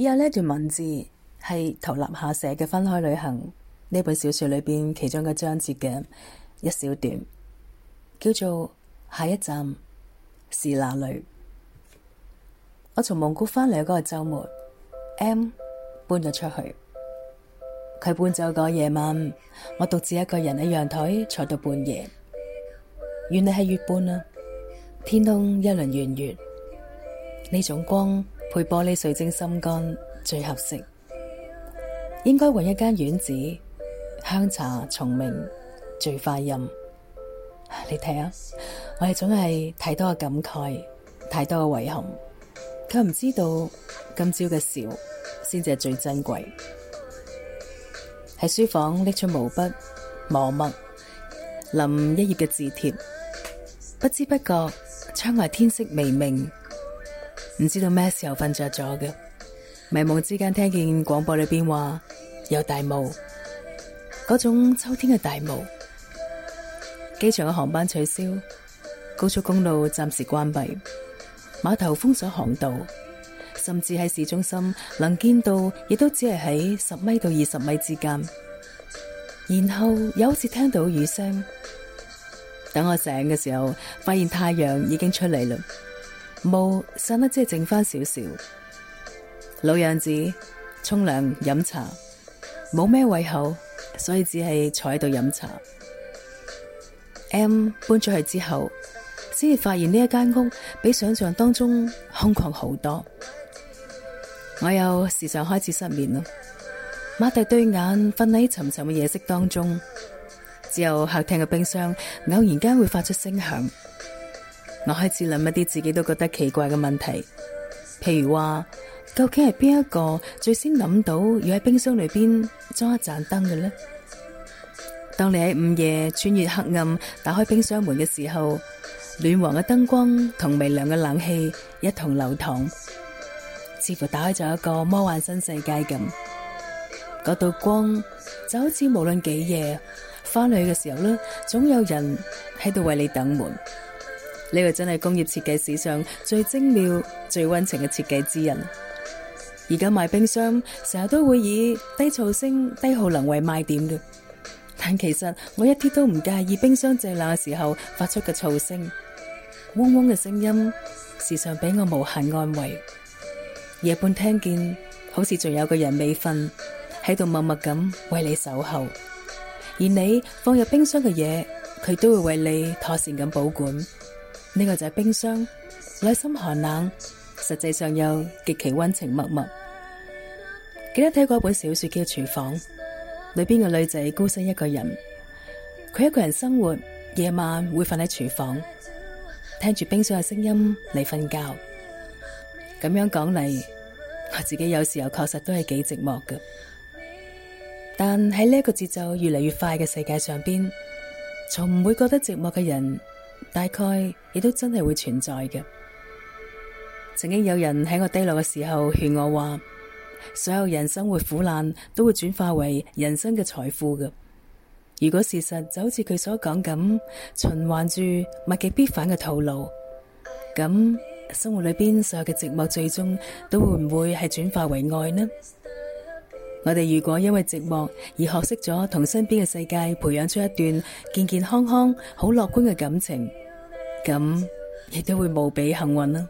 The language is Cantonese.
以下呢段文字係陶立夏寫嘅《分開旅行》呢本小說裏邊其中一個章節嘅一小段，叫做《下一站是哪裏》。我從蒙古翻嚟嗰個周末，M 搬咗出去。佢搬走個夜晚，我獨自一個人喺陽台坐到半夜。原嚟係月半啦、啊，天空一輪圓月，呢種光。配玻璃水晶心肝最合適，應該揾一間院子，香茶松明最快飲。你睇下、啊，我哋總係太多嘅感慨，太多嘅遺憾。佢唔知道今朝嘅笑先至係最珍貴。喺書房拎出毛筆磨墨，臨一頁嘅字帖，不知不覺窗外天色微明。唔知道咩時候瞓着咗嘅，迷蒙之間聽見廣播裏邊話有大霧，嗰種秋天嘅大霧，機場嘅航班取消，高速公路暫時關閉，碼頭封鎖航道，甚至喺市中心能見度，亦都只係喺十米到二十米之間。然後又好似聽到雨聲，等我醒嘅時候，發現太陽已經出嚟啦。霧散得即係剩翻少少，老樣子沖涼飲茶，冇咩胃口，所以只係坐喺度飲茶。M 搬出去之後，先至發現呢一間屋比想象當中空曠好多。我又時常開始失眠咯，擘大對眼瞓喺沉沉嘅夜色當中，只有客廳嘅冰箱偶然間會發出聲響。我開始諗一啲自己都覺得奇怪嘅問題，譬如話，究竟係邊一個最先諗到要喺冰箱裏邊裝一盞燈嘅呢？當你喺午夜穿越黑暗，打開冰箱門嘅時候，暖黃嘅燈光同微涼嘅冷氣一同流淌，似乎打開咗一個魔幻新世界咁。嗰道光就好似無論幾夜翻去嘅時候呢，總有人喺度為你等門。呢個真係工業設計史上最精妙、最溫情嘅設計之人。而家賣冰箱成日都會以低噪聲、低耗能為賣點嘅，但其實我一啲都唔介意冰箱製冷嘅時候發出嘅噪聲，嗡嗡嘅聲音時常俾我無限安慰。夜半聽見好似仲有個人未瞓喺度默默咁為你守候，而你放入冰箱嘅嘢，佢都會為你妥善咁保管。呢個就係冰箱，內心寒冷，實際上又極其溫情脈脈。記得睇過一本小說叫《廚房》，裏邊嘅女仔孤身一個人，佢一個人生活，夜晚會瞓喺廚房，聽住冰箱嘅聲音嚟瞓覺。咁樣講嚟，我自己有時候確實都係幾寂寞㗎。但喺呢一個節奏越嚟越快嘅世界上邊，從唔會覺得寂寞嘅人。大概亦都真係會存在嘅。曾經有人喺我低落嘅時候勸我話：所有人生活苦難都會轉化為人生嘅財富嘅。如果事實就好似佢所講咁，循環住物極必反嘅套路，咁生活裏邊所有嘅寂寞最終都會唔會係轉化為愛呢？我哋如果因為寂寞而學識咗同身邊嘅世界培養出一段健健康康、好樂觀嘅感情。咁亦都會無比幸運啦。